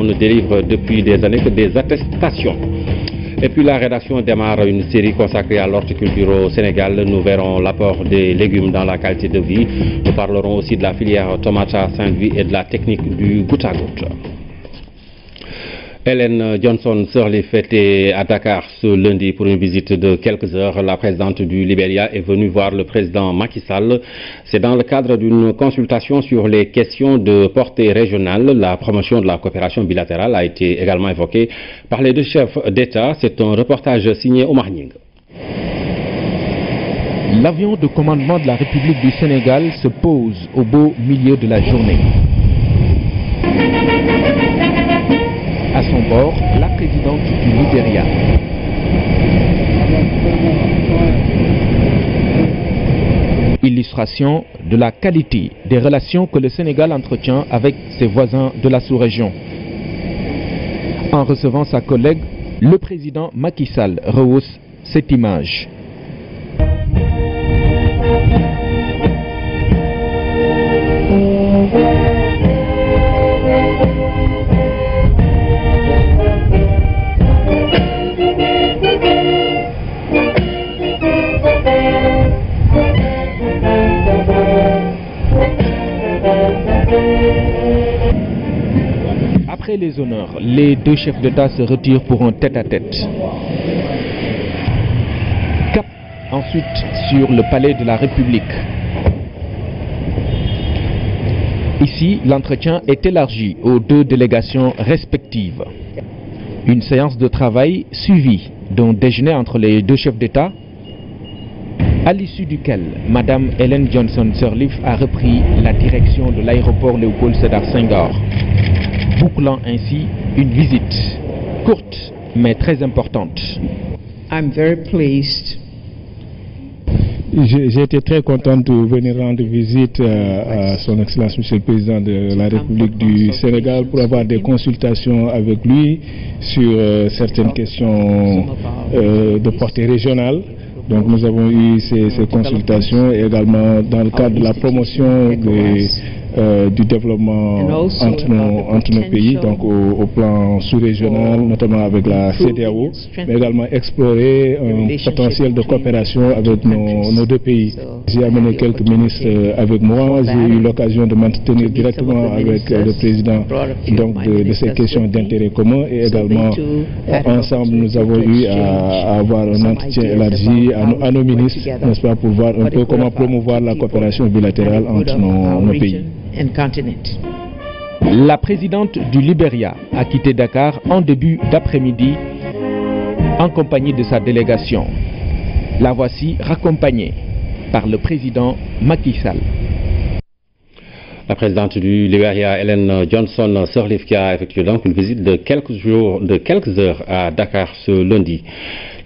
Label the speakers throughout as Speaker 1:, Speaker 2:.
Speaker 1: On ne délivre depuis des années que des attestations. Et puis la rédaction démarre une série consacrée à l'horticulture au Sénégal. Nous verrons l'apport des légumes dans la qualité de vie. Nous parlerons aussi de la filière tomate à Saint-Louis et de la technique du goutte à goutte. Hélène Johnson sort les fêtes à Dakar ce lundi pour une visite de quelques heures. La présidente du Libéria est venue voir le président Macky Sall. C'est dans le cadre d'une consultation sur les questions de portée régionale. La promotion de la coopération bilatérale a été également évoquée par les deux chefs d'État. C'est un reportage signé au Marning.
Speaker 2: L'avion de commandement de la République du Sénégal se pose au beau milieu de la journée. à son bord la présidente du Nigeria. Illustration de la qualité des relations que le Sénégal entretient avec ses voisins de la sous-région. En recevant sa collègue, le président Macky Sall rehausse cette image. les honneurs, les deux chefs d'État se retirent pour un tête-à-tête. Cap ensuite sur le palais de la République. Ici, l'entretien est élargi aux deux délégations respectives. Une séance de travail suivie dont déjeuner entre les deux chefs d'État, à l'issue duquel Madame Hélène Johnson-Sirleaf a repris la direction de l'aéroport Léopold Sédar Senghor bouclant ainsi une visite courte mais très importante. I'm very
Speaker 3: très contente de venir rendre visite euh, à, Son Excellence Monsieur le Président de la République du Sénégal pour avoir des consultations avec lui sur euh, certaines questions euh, de portée régionale. Donc nous avons eu ces, ces consultations également dans le cadre de la promotion des euh, du développement entre nos, pays, donc au, plan sous-régional, notamment avec la CDAO, mais également explorer un potentiel de coopération avec nos, deux pays. J'ai amené quelques ministres euh, avec moi, j'ai eu l'occasion de m'entretenir directement avec euh, le président donc de, ces questions d'intérêt commun et également ensemble nous avons eu à, avoir un entretien élargi à, nos ministres, n'est-ce pas, pour voir un peu comment promouvoir la coopération bilatérale entre nos pays. La
Speaker 2: présidente du Liberia a quitté Dakar en début d'après-midi en compagnie de sa délégation. La voici raccompagnée par le président Macky Sall.
Speaker 1: La présidente du Liberia, Helen Johnson Sirleaf, a effectué donc une visite de quelques jours, de quelques heures à Dakar ce lundi.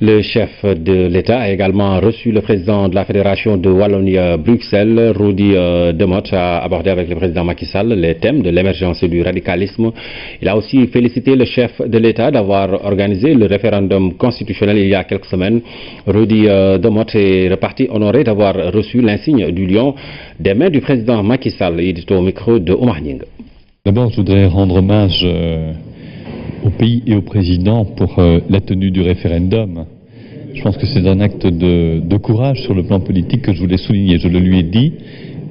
Speaker 1: Le chef de l'État a également reçu le président de la Fédération de Wallonie-Bruxelles, Rudi euh, Demotte, a abordé avec le président Macky Sall les thèmes de l'émergence du radicalisme. Il a aussi félicité le chef de l'État d'avoir organisé le référendum constitutionnel il y a quelques semaines. Rudi euh, Demotte est reparti honoré d'avoir reçu l'insigne du lion des mains du
Speaker 4: président Macky Sall.
Speaker 1: Il est au micro de Omar
Speaker 4: D'abord, je voudrais rendre hommage euh, au pays et au président pour euh, la tenue du référendum. Je pense que c'est un acte de, courage sur le plan politique que je voulais souligner. Je le lui ai dit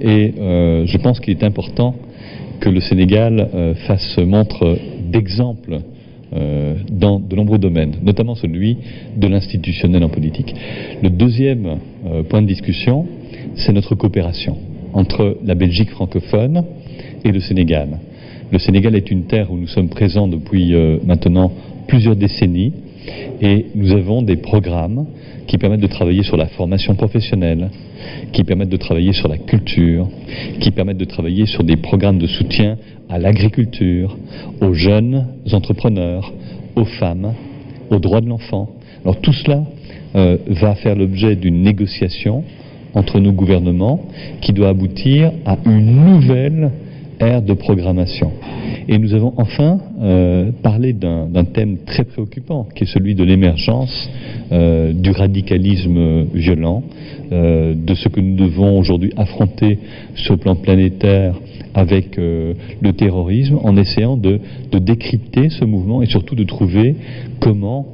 Speaker 4: et euh, je pense qu'il est important que le Sénégal euh, fasse montre d'exemple dans de nombreux domaines, notamment celui de l'institutionnel en politique. Le deuxième point de discussion, c'est notre coopération entre la Belgique francophone et le Sénégal. Le Sénégal est une terre où nous sommes présents depuis euh, maintenant plusieurs décennies et nous avons des programmes qui permettent de travailler sur la formation professionnelle, qui permettent de travailler sur la culture, qui permettent de travailler sur des programmes de soutien à l'agriculture, aux jeunes entrepreneurs, aux femmes, aux droits de l'enfant. Alors tout cela euh, va faire l'objet d'une négociation entre nos gouvernements qui doit aboutir à une nouvelle de programmation. Et nous avons enfin euh, parlé d'un thème très préoccupant, qui est celui de l'émergence euh, du radicalisme violent, euh, de ce que nous devons aujourd'hui affronter sur le plan planétaire avec le terrorisme, en essayant de, décrypter ce mouvement et surtout de trouver comment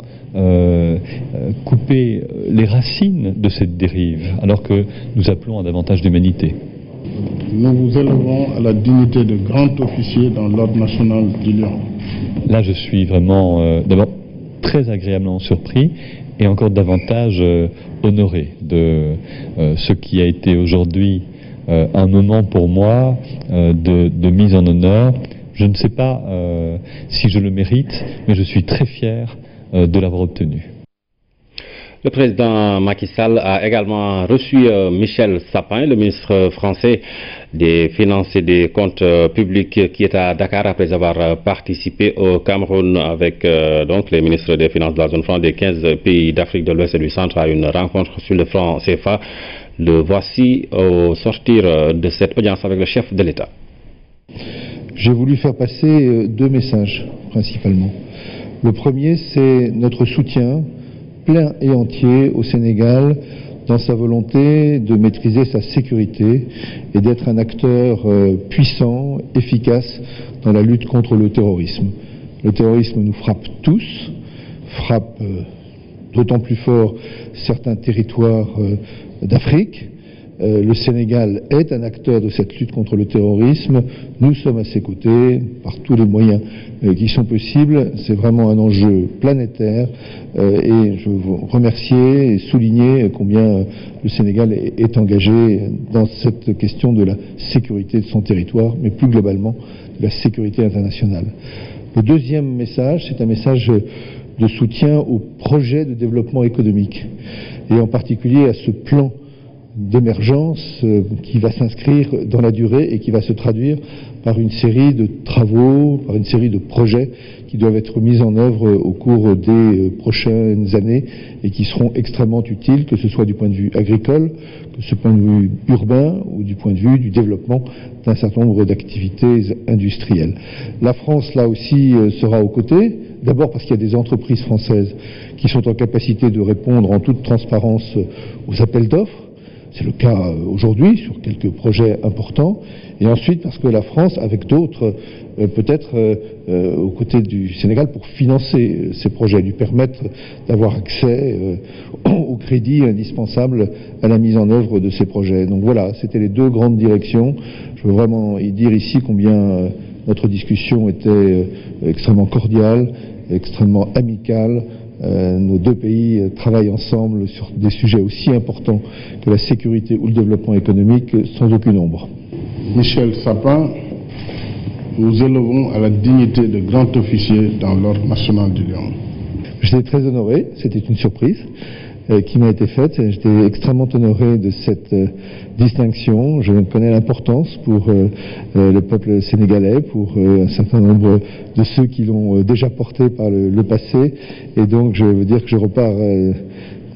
Speaker 4: couper les racines de cette dérive, alors que nous appelons à davantage d'humanité.
Speaker 3: Nous vous élevons à la dignité de grand officier dans l'ordre national du Lyon.
Speaker 4: Là, je suis vraiment euh, d'abord très agréablement surpris et encore davantage euh, honoré de euh, ce qui a été aujourd'hui un moment pour moi de, mise en honneur. Je ne sais pas si je le mérite, mais je suis très fier de l'avoir obtenu. Le
Speaker 1: président Macky Sall a également reçu euh, Michel Sapin, le ministre français des Finances et des Comptes euh, Publics qui est à Dakar après avoir euh, participé au Cameroun avec donc les ministres des Finances de la zone franc des 15 pays d'Afrique de l'Ouest et du Centre à une rencontre sur le front CFA. Le voici au sortir de cette audience avec le chef de l'État.
Speaker 5: J'ai voulu faire passer deux messages principalement. Le premier, c'est notre soutien plein et entier au Sénégal dans sa volonté de maîtriser sa sécurité et d'être un acteur euh, puissant, efficace dans la lutte contre le terrorisme. Le terrorisme nous frappe tous, frappe euh, d'autant plus fort certains territoires euh, d'Afrique, euh, le Sénégal est un acteur de cette lutte contre le terrorisme. Nous sommes à ses côtés par tous les moyens euh, qui sont possibles. C'est vraiment un enjeu planétaire euh, et je veux vous remercier et souligner combien le Sénégal est, est engagé dans cette question de la sécurité de son territoire, mais plus globalement de la sécurité internationale. Le deuxième message, c'est un message de soutien au projet de développement économique et en particulier à ce plan d'émergence euh, qui va s'inscrire dans la durée et qui va se traduire par une série de travaux, par une série de projets qui doivent être mis en œuvre euh, au cours des euh, prochaines années et qui seront extrêmement utiles, que ce soit du point de vue agricole, que ce point de vue urbain ou du point de vue du développement d'un certain nombre d'activités industrielles. La France, là aussi, sera aux côtés. D'abord parce qu'il y a des entreprises françaises qui sont en capacité de répondre en toute transparence aux appels d'offres c'est le cas euh, aujourd'hui sur quelques projets importants. Et ensuite parce que la France, avec d'autres, euh, peut-être euh, aux côtés du Sénégal, pour financer ces projets, lui permettre d'avoir accès aux crédits indispensables à la mise en œuvre de ces projets. Donc voilà, c'était les deux grandes directions. Je veux vraiment y dire ici combien notre discussion était extrêmement cordiale, extrêmement amicale euh, nos deux pays euh, travaillent ensemble sur des sujets aussi importants que la sécurité ou le développement économique euh, sans aucune ombre. Michel Sapin, nous élevons à la dignité de grand officier dans l'ordre national du Je J'étais très honoré, c'était une surprise. Euh, qui m'a été faite. J'étais extrêmement honoré de cette euh, distinction. Je connais l'importance pour euh, le peuple sénégalais, pour un certain nombre de ceux qui l'ont déjà porté par le, le, passé. Et donc, je veux dire que je repars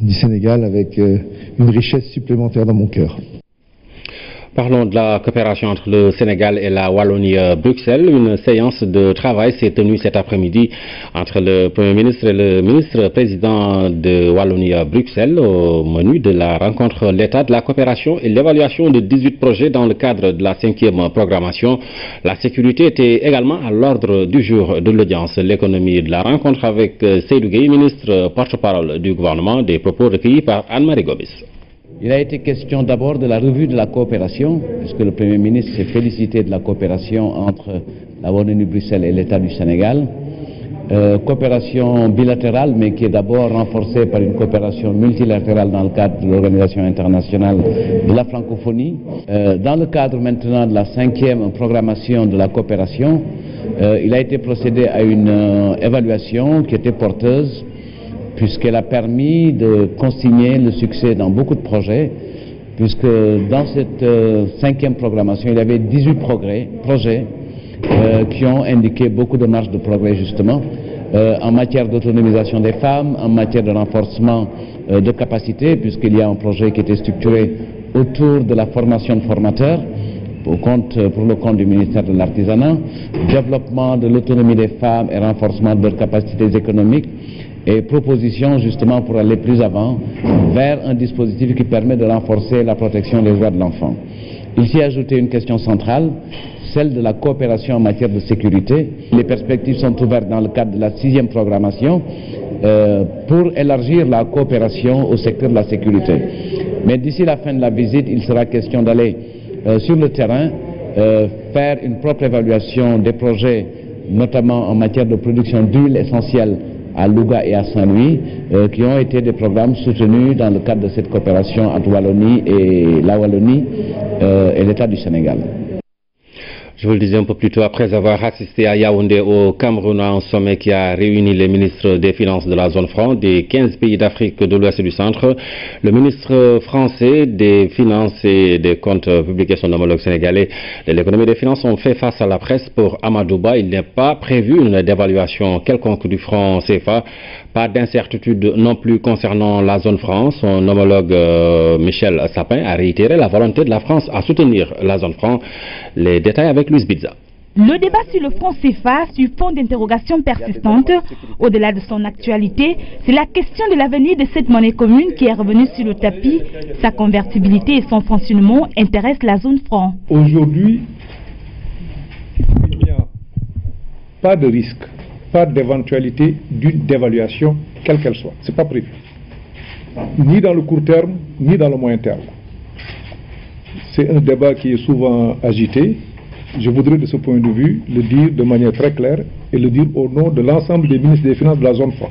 Speaker 5: du Sénégal avec une richesse supplémentaire dans mon cœur.
Speaker 1: Parlons de la coopération entre le Sénégal et la Wallonie-Bruxelles. Une séance de travail s'est tenue cet après-midi entre le Premier ministre et le ministre président de Wallonie-Bruxelles au menu de la rencontre l'état de la coopération et l'évaluation de 18 projets dans le cadre de la cinquième programmation. La sécurité était également à l'ordre du jour de l'audience. L'économie de la rencontre avec euh, Seydou Gueye, ministre porte-parole du gouvernement, des propos recueillis par Anne-Marie Gobis.
Speaker 6: Il a été question d'abord de la revue de la coopération, puisque le Premier ministre s'est félicité de la coopération entre la de bruxelles et l'État du Sénégal. Euh, coopération bilatérale, mais qui est d'abord renforcée par une coopération multilatérale dans le cadre de l'Organisation internationale de la francophonie. Euh, dans le cadre maintenant de la cinquième programmation de la coopération, euh, il a été procédé à une évaluation qui était porteuse puisqu'elle a permis de consigner le succès dans beaucoup de projets, puisque dans cette euh, cinquième programmation, il y avait 18 projets euh, qui ont indiqué beaucoup de marges de progrès justement, euh, en matière d'autonomisation des femmes, en matière de renforcement de capacités, puisqu'il y a un projet qui était structuré autour de la formation de formateurs, compte, pour le compte du ministère de l'Artisanat, développement de l'autonomie des femmes et renforcement de leurs capacités économiques, et propositions justement pour aller plus avant vers un dispositif qui permet de renforcer la protection des droits de l'enfant. Il s'y ajouté une question centrale, celle de la coopération en matière de sécurité. Les perspectives sont ouvertes dans le cadre de la sixième programmation euh, pour élargir la coopération au secteur de la sécurité. Mais d'ici la fin de la visite, il sera question d'aller euh, sur le terrain, euh, faire une propre évaluation des projets, notamment en matière de production d'huile essentielle à Luga et à Saint-Louis, euh, qui ont été des programmes soutenus dans le cadre de cette coopération entre Wallonie et la Wallonie euh, et l'État du Sénégal.
Speaker 1: Je vous le disais un peu plus tôt, après avoir assisté à Yaoundé au Cameroun à un sommet qui a réuni les ministres des Finances de la zone franc des 15 pays d'Afrique de l'Ouest et du Centre, le ministre français des Finances et des Comptes publics et son homologue sénégalais de l'économie des finances ont fait face à la presse pour Amadouba. Il n'est pas prévu une dévaluation quelconque du franc CFA. Pas d'incertitude non plus concernant la zone franc. Son homologue euh, Michel Sapin a réitéré la volonté de la France à soutenir la zone franc. Les détails avec
Speaker 7: le débat sur le franc CFA fond d'interrogation persistante, Au-delà de son actualité, c'est la question de l'avenir de cette monnaie commune qui est revenue sur le tapis. Sa convertibilité et son fonctionnement intéressent la zone franc.
Speaker 8: Aujourd'hui, il n'y a pas de risque, pas d'éventualité d'une dévaluation, quelle qu'elle soit. Ce n'est pas prévu. Ni dans le court terme, ni dans le moyen terme. C'est un débat qui est souvent agité, je voudrais de ce point de vue le dire de manière très claire et le dire au nom de l'ensemble des ministres des Finances de la zone franc.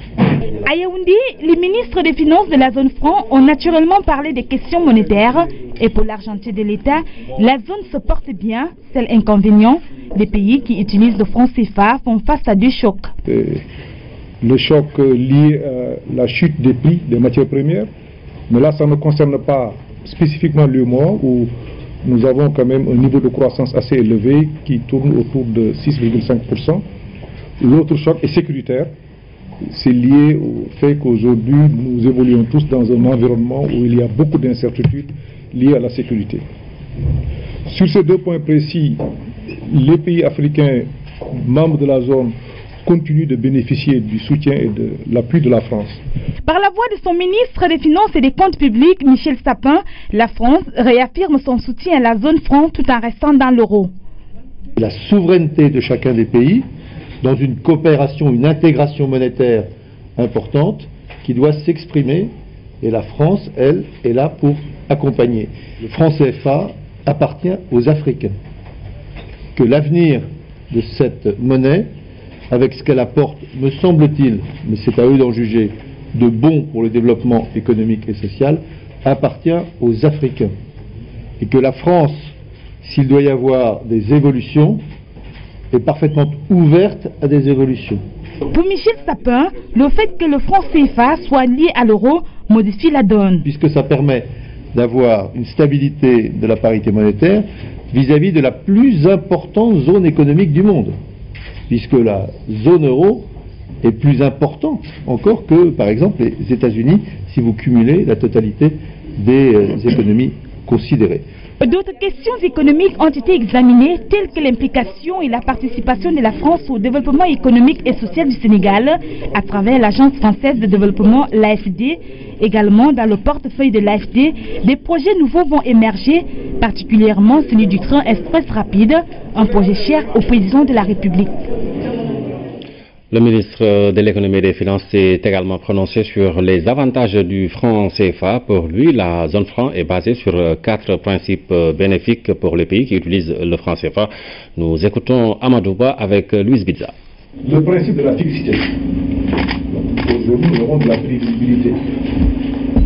Speaker 7: À les ministres des Finances de la zone franc ont naturellement parlé des questions monétaires et pour l'argentier de l'État, la zone se porte bien, c'est l'inconvénient. Les pays qui utilisent le franc CFA font face à du chocs.
Speaker 8: Euh, le choc euh, lié à la chute des prix des matières premières, mais là ça ne concerne pas spécifiquement l'humour ou nous avons quand même un niveau de croissance assez élevé qui tourne autour de 6,5%. L'autre choc est sécuritaire. C'est lié au fait qu'aujourd'hui, nous évoluons tous dans un environnement où il y a beaucoup d'incertitudes liées à la sécurité. Sur ces deux points précis, les pays africains membres de la zone continue de bénéficier du soutien et de l'appui de la France.
Speaker 7: Par la voix de son ministre des Finances et des Comptes publics, Michel Sapin, la France réaffirme son soutien à la zone franc tout en restant dans l'euro.
Speaker 5: La souveraineté de chacun des pays dans une coopération, une intégration monétaire importante qui doit s'exprimer et la France, elle, est là pour accompagner. Le franc CFA appartient aux Africains. Que l'avenir de cette monnaie avec ce qu'elle apporte, me semble-t-il, mais c'est à eux d'en juger, de bon pour le développement économique et social, appartient aux Africains. Et que la France, s'il doit y avoir des évolutions, est parfaitement ouverte à des évolutions.
Speaker 7: Pour Michel Sapin, le fait que le franc CFA soit lié à l'euro modifie la donne.
Speaker 5: Puisque ça permet d'avoir une stabilité de la parité monétaire vis à -vis de la plus importante zone économique du monde puisque la zone euro est plus importante encore que, par exemple, les États-Unis, si vous cumulez la totalité des euh, économies considérées.
Speaker 7: D'autres questions économiques ont été examinées, telles que l'implication et la participation de la France au développement économique et social du Sénégal à travers l'Agence française de développement, l'AFD. Également, dans le portefeuille de l'AFD, des projets nouveaux vont émerger, particulièrement celui du train express rapide, un projet cher au président de la République.
Speaker 1: Le ministre de l'économie et des finances s'est également prononcé sur les avantages du franc CFA. Pour lui, la zone franc est basée sur euh, quatre principes euh, bénéfiques pour les pays qui utilisent le franc CFA. Nous écoutons Amadouba avec euh, Louise Bidza.
Speaker 8: Le principe de la fixité. Aujourd'hui, nous aurons de la prévisibilité.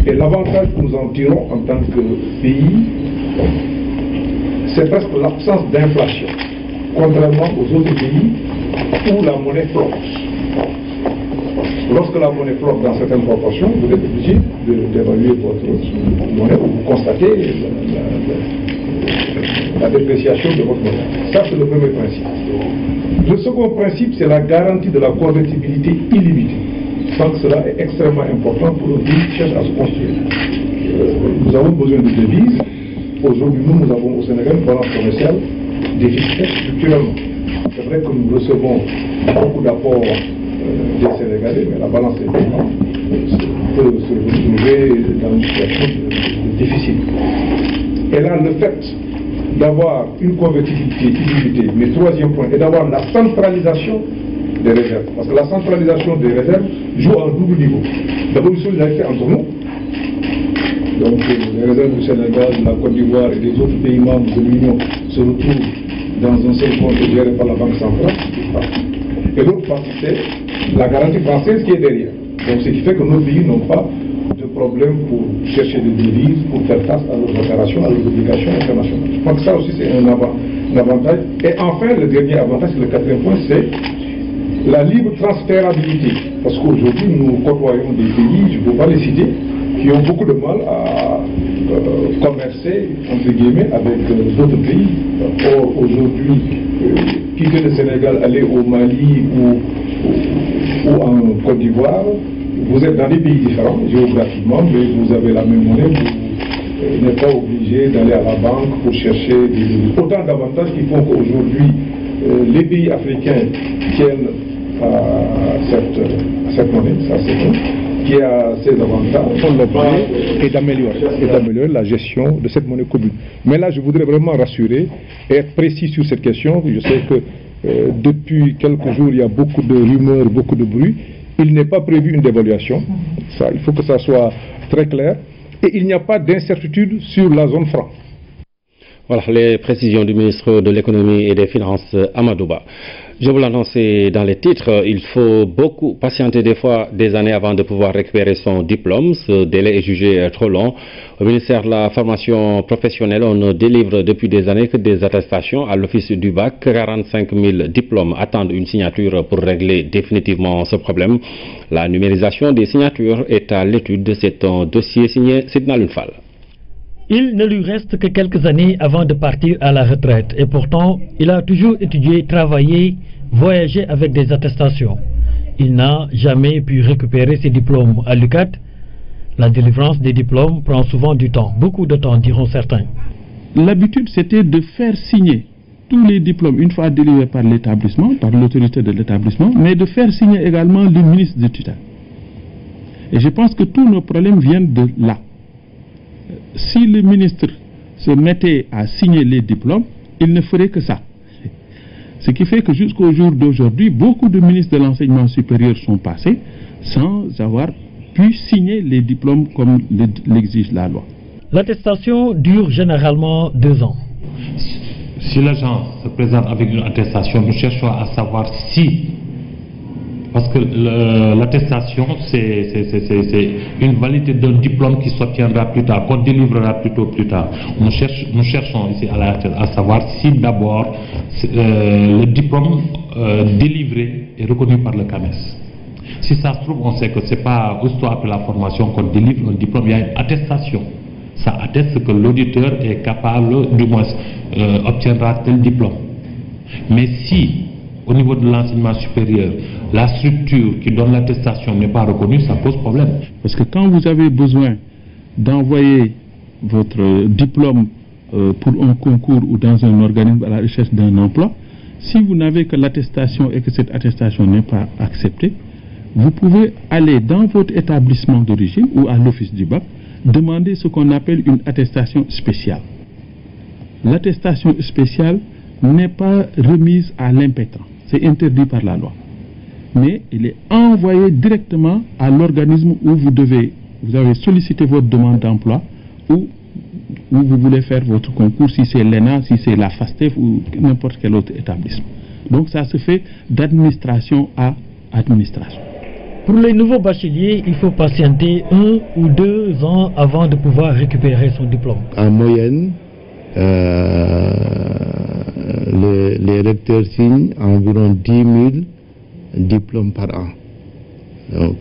Speaker 8: Et l'avantage que nous en tirons en tant que pays, c'est presque l'absence d'inflation, contrairement aux autres pays ou la monnaie flotte. Lorsque la monnaie flotte dans certaines proportions, vous êtes obligé d'évaluer votre monnaie ou vous constatez la, dépréciation de votre monnaie. Ça, c'est le premier principe. Le second principe, c'est la garantie de la convertibilité illimitée. pense que cela est extrêmement important pour nos pays qui à se construire. Euh, nous avons besoin
Speaker 5: de devises.
Speaker 8: Aujourd'hui, nous, avons au Sénégal une balance commerciale déficitaire structurellement c'est vrai que nous recevons beaucoup d'apports euh, des Sénégalais, mais la balance est différente. On peut se retrouver dans une situation difficile. Et là, le fait d'avoir une convertibilité, utilité, mais troisième point, est d'avoir la centralisation des réserves. Parce que la centralisation des réserves joue à un double niveau. D'abord, une solidarité entre nous, donc euh, les réserves du Sénégal, de la Côte d'Ivoire et des autres pays membres de l'Union se retrouvent dans un seul compte géré par la Banque centrale. Et l'autre partie, c'est la garantie française qui est derrière. Donc ce qui fait que nos pays n'ont pas de problème pour chercher des devises, pour faire face à leurs opérations, à leurs obligations internationales. Je que ça aussi c'est un, avantage. Et enfin, le dernier avantage, le quatrième point, c'est la libre transférabilité. Parce qu'aujourd'hui, nous côtoyons des pays, je ne peux pas les citer, qui ont beaucoup de mal à euh, commercer, entre guillemets, avec euh, d'autres pays. Or, aujourd'hui, euh, qui que le Sénégal aller au Mali ou, en Côte d'Ivoire, vous êtes dans des pays différents géographiquement, mais vous avez la même monnaie, vous n'êtes pas obligé d'aller à la banque pour chercher Autant d'avantages qu'il faut qu'aujourd'hui, les pays africains tiennent cette, à cette monnaie, ça c'est bon qui a ses avantages. le et d'améliorer la gestion de cette monnaie commune. Mais là, je voudrais vraiment rassurer et être précis sur cette question. Je sais que euh, depuis quelques jours, il y a beaucoup de rumeurs, beaucoup de bruit. Il n'est pas prévu une dévaluation. il faut que ça soit très clair. Et il n'y a pas d'incertitude sur la zone franc.
Speaker 1: Voilà les précisions du ministre de l'économie et des finances Amadouba. Je vous l'annonce dans les titres, euh, il faut beaucoup patienter des fois des années avant de pouvoir récupérer son diplôme. Ce délai est jugé euh, trop long. Au ministère de la formation professionnelle, on ne délivre depuis des années que des attestations à l'office du bac. 45 000 diplômes attendent une signature pour régler définitivement ce problème. La numérisation des signatures est à l'étude de cet dossier signé Sidna
Speaker 9: il ne lui reste que quelques années avant de partir à la retraite et pourtant, il a toujours étudié, travaillé, voyagé avec des attestations. Il n'a jamais pu récupérer ses diplômes à l'UCAT. La délivrance des diplômes prend souvent du temps, beaucoup de temps diront certains. L'habitude c'était de faire signer
Speaker 10: tous les diplômes une fois délivrés par l'établissement, par l'autorité de l'établissement, mais de faire signer également le ministre de tutelle. Et je pense que tous nos problèmes viennent de là si le ministre se mettait à signer les diplômes, il ne ferait que ça. Ce qui fait que jusqu'au jour d'aujourd'hui, beaucoup de ministres de l'enseignement supérieur sont passés sans avoir pu signer les diplômes comme l'exige la loi.
Speaker 9: L'attestation dure généralement deux ans.
Speaker 10: Si l'agent se présente avec une attestation, nous cherchons à savoir si parce que l'attestation, c'est une validité d'un diplôme qui s'obtiendra plus tard, qu'on délivrera plutôt plus tard. Nous, cherche, nous cherchons ici à, savoir si d'abord euh, le diplôme euh, délivré est reconnu par le CAMES. Si ça se trouve, on sait que ce n'est pas soir après la formation qu'on délivre un diplôme, il y a une attestation. Ça atteste que l'auditeur est capable, du moins, euh, obtiendra tel diplôme. Mais si, au niveau de l'enseignement supérieur, la structure qui donne l'attestation n'est pas reconnue, ça pose problème. Parce que quand vous avez besoin d'envoyer votre diplôme euh, pour un concours ou dans un organisme à la recherche d'un emploi, si vous n'avez que l'attestation et que cette attestation n'est pas acceptée, vous pouvez aller dans votre établissement d'origine ou à l'office du bac, demander ce qu'on appelle une attestation spéciale. L'attestation spéciale n'est pas remise à l'impétent, c'est interdit par la loi mais il est envoyé directement à l'organisme où vous devez, vous avez sollicité votre demande d'emploi ou où vous voulez faire votre concours, si c'est l'ENA, si c'est la FASTEF
Speaker 9: ou n'importe quel autre établissement. Donc ça se fait d'administration à administration. Pour les nouveaux bacheliers, il faut patienter un ou deux ans avant de pouvoir récupérer son diplôme.
Speaker 11: En moyenne, euh, les, les recteurs signent environ 10 000 diplômes par an. Donc,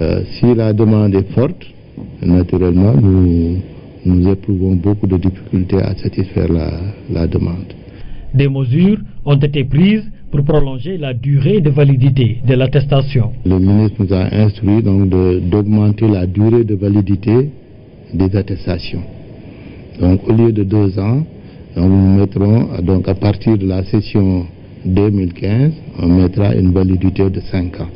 Speaker 11: euh, si la demande est forte, naturellement, nous, nous éprouvons beaucoup de difficultés à satisfaire la, la demande.
Speaker 9: Des mesures ont été prises pour prolonger la durée de validité de l'attestation.
Speaker 11: Le ministre nous a instruit donc d'augmenter la durée de validité des attestations. Donc au lieu de deux ans, nous mettrons donc à partir de la session 2015, on mettra une validité de 5 ans.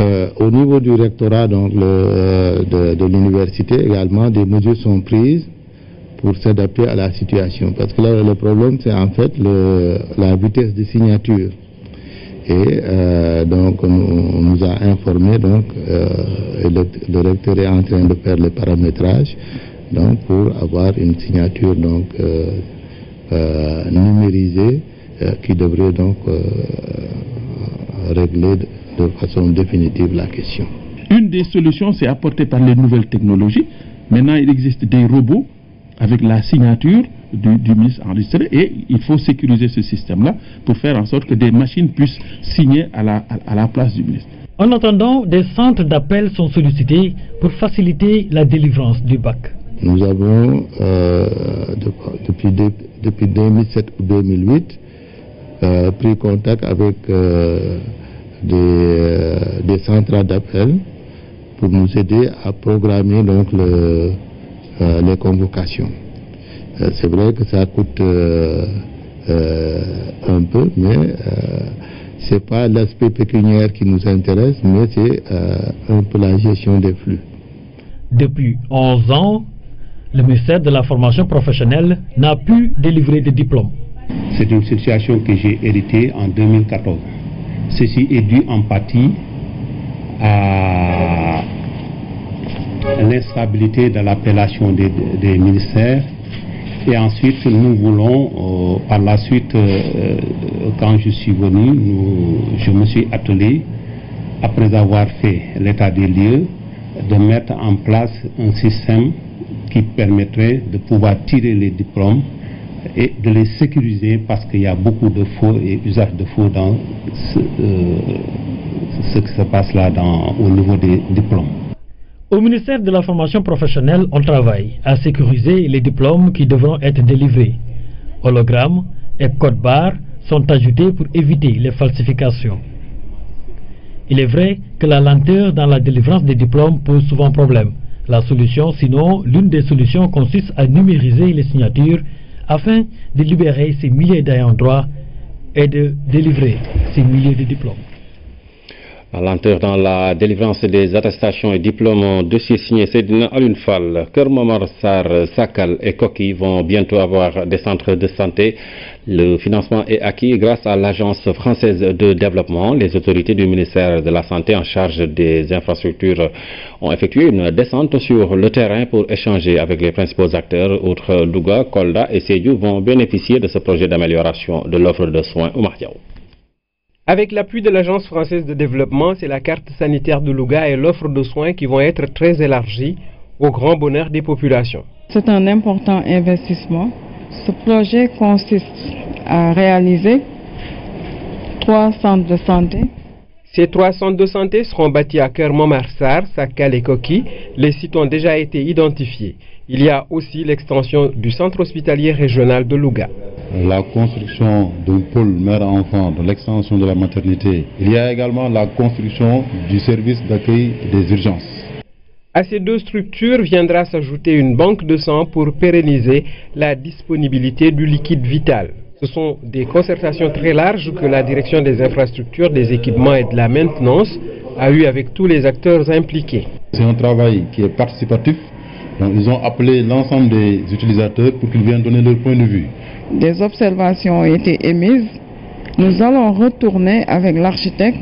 Speaker 11: Euh, au niveau du rectorat donc, euh, de, l'université également, des mesures sont prises pour s'adapter à la situation. Parce que là, le problème, c'est en fait la vitesse de signatures. Et euh, donc, on, nous a informé, donc, le, le, recteur est en train de faire le paramétrage donc, pour avoir une signature donc, numérisée euh, qui devrait donc euh, régler de façon définitive la question.
Speaker 10: Une des solutions, c'est apportée par les nouvelles technologies. Maintenant, il existe des robots avec la signature du, ministre enregistré et il faut sécuriser ce système-là pour faire en sorte que des machines puissent signer à la,
Speaker 11: place du ministre.
Speaker 9: En attendant, des centres d'appel sont sollicités pour faciliter la délivrance du bac.
Speaker 11: Nous avons, euh, depuis 2007 ou 2008, euh, pris contact avec euh, des, euh, centres d'appel pour nous aider à programmer donc, les convocations. C'est vrai que ça coûte un peu, mais ce n'est pas l'aspect pécuniaire qui nous intéresse, mais c'est un peu la gestion des flux.
Speaker 9: Depuis 11 ans, le ministère de la formation professionnelle n'a pu délivrer de diplômes.
Speaker 10: C'est une situation que j'ai héritée en 2014. Ceci est dû en partie à l'instabilité de l'appellation des, ministères. Et ensuite, nous voulons,
Speaker 1: euh, par la suite, euh, quand je suis venu, je me suis attelé, après avoir fait l'état des lieux, de mettre en place un système qui permettrait de pouvoir tirer les diplômes et de les sécuriser parce qu'il y a beaucoup de faux et usage de faux dans euh, ce, qui se passe là dans, au niveau des diplômes.
Speaker 9: Au ministère de la formation professionnelle, on travaille à sécuriser les diplômes qui devront être délivrés. Hologrammes et codes barres sont ajoutés pour éviter les falsifications. Il est vrai que la lenteur dans la délivrance des diplômes pose souvent problème. La solution, sinon, l'une des solutions consiste à numériser les signatures afin de libérer ces milliers d'ayants droits et de délivrer ces milliers de diplômes.
Speaker 1: Lenteur dans la délivrance des attestations et diplômes, signés. signés Sedina Alunfal, Kermomar Sar, Sakal et Koki vont bientôt avoir des centres de santé. Le financement est acquis grâce à l'Agence française de développement. Les autorités du ministère de la Santé en charge des infrastructures ont effectué une descente sur le terrain pour échanger avec les principaux acteurs. Outre Douga, Kolda et Seyou vont bénéficier de ce projet d'amélioration de l'offre de soins au Mariao.
Speaker 12: Avec l'appui de l'Agence française de développement, c'est la carte sanitaire de Louga et l'offre de soins qui vont être très élargies au grand bonheur des populations.
Speaker 13: C'est un important investissement. Ce projet consiste à réaliser trois centres de santé.
Speaker 12: Ces trois centres de santé seront bâtis à Kermont-Marsar, Sakal et Coquille. Les sites ont déjà été identifiés. Il y a aussi l'extension du centre hospitalier régional de Louga.
Speaker 10: La construction d'un pôle mère-enfant, de l'extension de la maternité. Il y a également la construction du service d'accueil des urgences. À ces deux structures
Speaker 12: viendra s'ajouter une banque de sang pour pérenniser la disponibilité du liquide vital. Ce sont des concertations très larges que la direction des infrastructures, des équipements et de la maintenance a eu avec tous les acteurs impliqués.
Speaker 10: C'est un travail qui est participatif,
Speaker 11: ils ont appelé l'ensemble des utilisateurs pour qu'ils viennent donner leur point de vue.
Speaker 10: Des
Speaker 13: observations ont été émises. Nous allons retourner avec l'architecte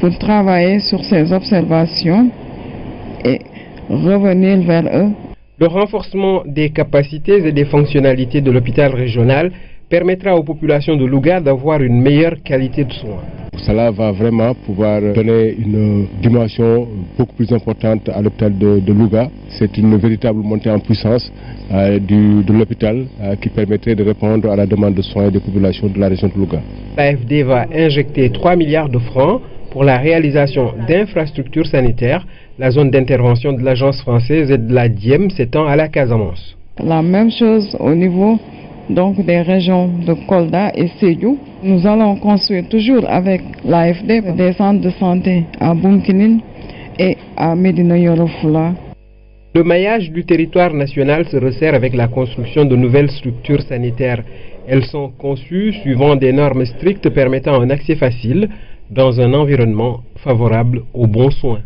Speaker 13: pour travailler sur ces observations et revenir
Speaker 3: vers eux.
Speaker 12: Le renforcement des capacités et des fonctionnalités de l'hôpital régional permettra aux populations de Louga d'avoir une meilleure qualité de soins.
Speaker 3: Cela va vraiment pouvoir donner une dimension beaucoup plus importante à l'hôpital de, de Louga. C'est une véritable montée en puissance euh, de l'hôpital euh, qui permettrait de répondre à la demande de soins des populations de la région de Louga.
Speaker 12: L'AFD va injecter 3 milliards de francs pour la réalisation d'infrastructures sanitaires. La zone d'intervention de l'agence française et de la DIEM s'étend à la Casamance.
Speaker 13: La même chose au niveau donc des régions de Kolda et Seyou. Nous allons construire toujours avec l'AFD des centres de santé à Bunkinin et à Medina
Speaker 12: Le maillage du territoire national se resserre avec la construction de nouvelles structures sanitaires. Elles sont conçues suivant des normes strictes permettant un accès facile dans un environnement favorable aux bons soins.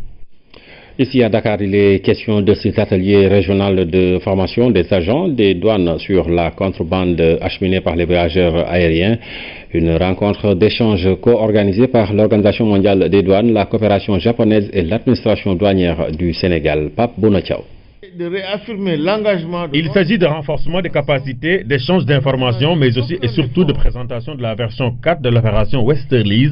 Speaker 1: Ici à Dakar, il est question de cet atelier régional de formation des agents des douanes sur la contrebande acheminée par les voyageurs aériens. Une rencontre d'échange co-organisée par l'Organisation mondiale des douanes, la coopération japonaise et l'administration douanière du Sénégal. Pape Bonachao.
Speaker 14: Il
Speaker 10: s'agit de renforcement des capacités, d'échange d'informations, mais aussi et surtout de présentation de la version 4 de l'opération Westerlies,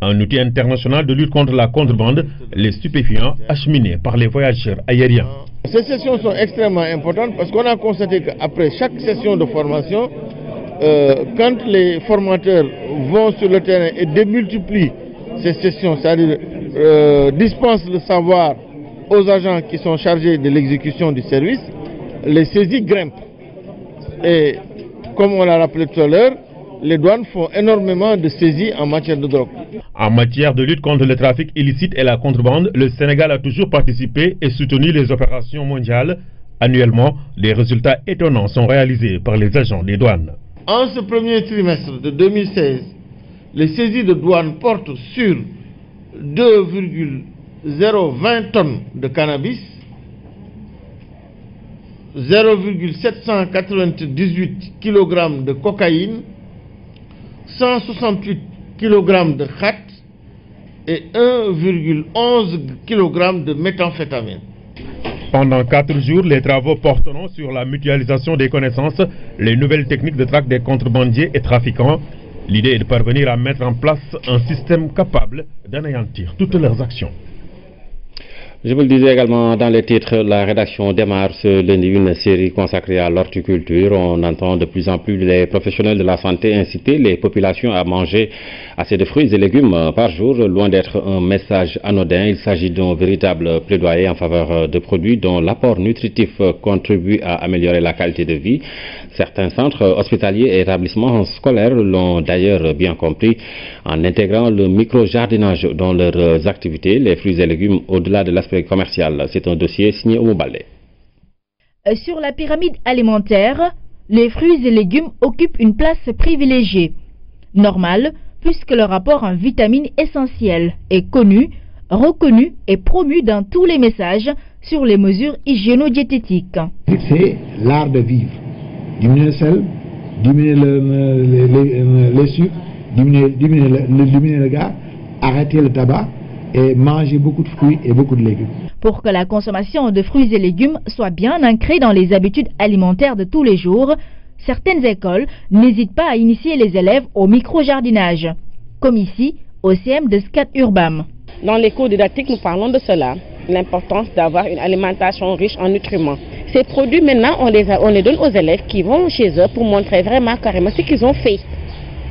Speaker 10: un outil international de lutte contre la contrebande, les stupéfiants acheminés par les voyageurs aériens.
Speaker 14: Ces sessions sont extrêmement importantes parce qu'on a constaté qu'après chaque session de formation, euh, quand les formateurs vont sur le terrain et démultiplient ces sessions, c'est-à-dire euh, dispensent le savoir aux agents qui sont chargés de l'exécution du service, les saisies grimpent. Et comme on l'a rappelé tout à l'heure, les douanes font énormément de saisies en matière de drogue. En matière de lutte
Speaker 10: contre le trafic illicite et la contrebande, le Sénégal a toujours participé et soutenu les opérations mondiales. Annuellement, des résultats étonnants sont réalisés par les agents des douanes.
Speaker 14: En ce premier trimestre de 2016, les saisies de douane portent sur 2,020 tonnes de cannabis, 0,798 kg de cocaïne, 168 kg de khat et 1,11 kg de méthamphétamine.
Speaker 10: Pendant quatre jours, les travaux porteront sur la mutualisation des connaissances, les nouvelles techniques de traque des contrebandiers et trafiquants. L'idée est de parvenir à mettre en place un système capable d'anéantir toutes leurs actions.
Speaker 1: Je vous le disais également dans les titres, la rédaction démarre ce lundi une série consacrée à l'horticulture. On entend de plus en plus les professionnels de la santé inciter les populations à manger assez de fruits et légumes par jour. Loin d'être un message anodin, il s'agit d'un véritable plaidoyer en faveur de produits dont l'apport nutritif contribue à améliorer la qualité de vie. Certains centres hospitaliers et établissements scolaires l'ont d'ailleurs bien compris en intégrant le micro-jardinage dans leurs activités, les fruits et légumes au-delà de l'aspect commercial. C'est un dossier signé au balai.
Speaker 15: Euh, sur la pyramide alimentaire, les fruits et légumes occupent une place privilégiée. normale puisque leur apport en vitamines essentielles est connu, reconnu et promu dans tous les messages sur les mesures hygiéno-diététiques.
Speaker 11: C'est l'art de vivre diminuer le sel, diminuer le, diminuer, le gaz, arrêter le tabac et manger beaucoup de fruits et beaucoup de légumes.
Speaker 15: Pour que la consommation de fruits et légumes soit bien ancrée dans les habitudes alimentaires de tous les jours, certaines écoles n'hésitent pas à initier les élèves au micro-jardinage, comme ici au CM de Scat Urbam.
Speaker 16: Dans les cours didactiques, nous parlons de cela l'importance d'avoir une alimentation riche en nutriments. Ces produits, maintenant, on les, on donne aux élèves qui vont chez eux pour montrer vraiment carrément ce qu'ils ont fait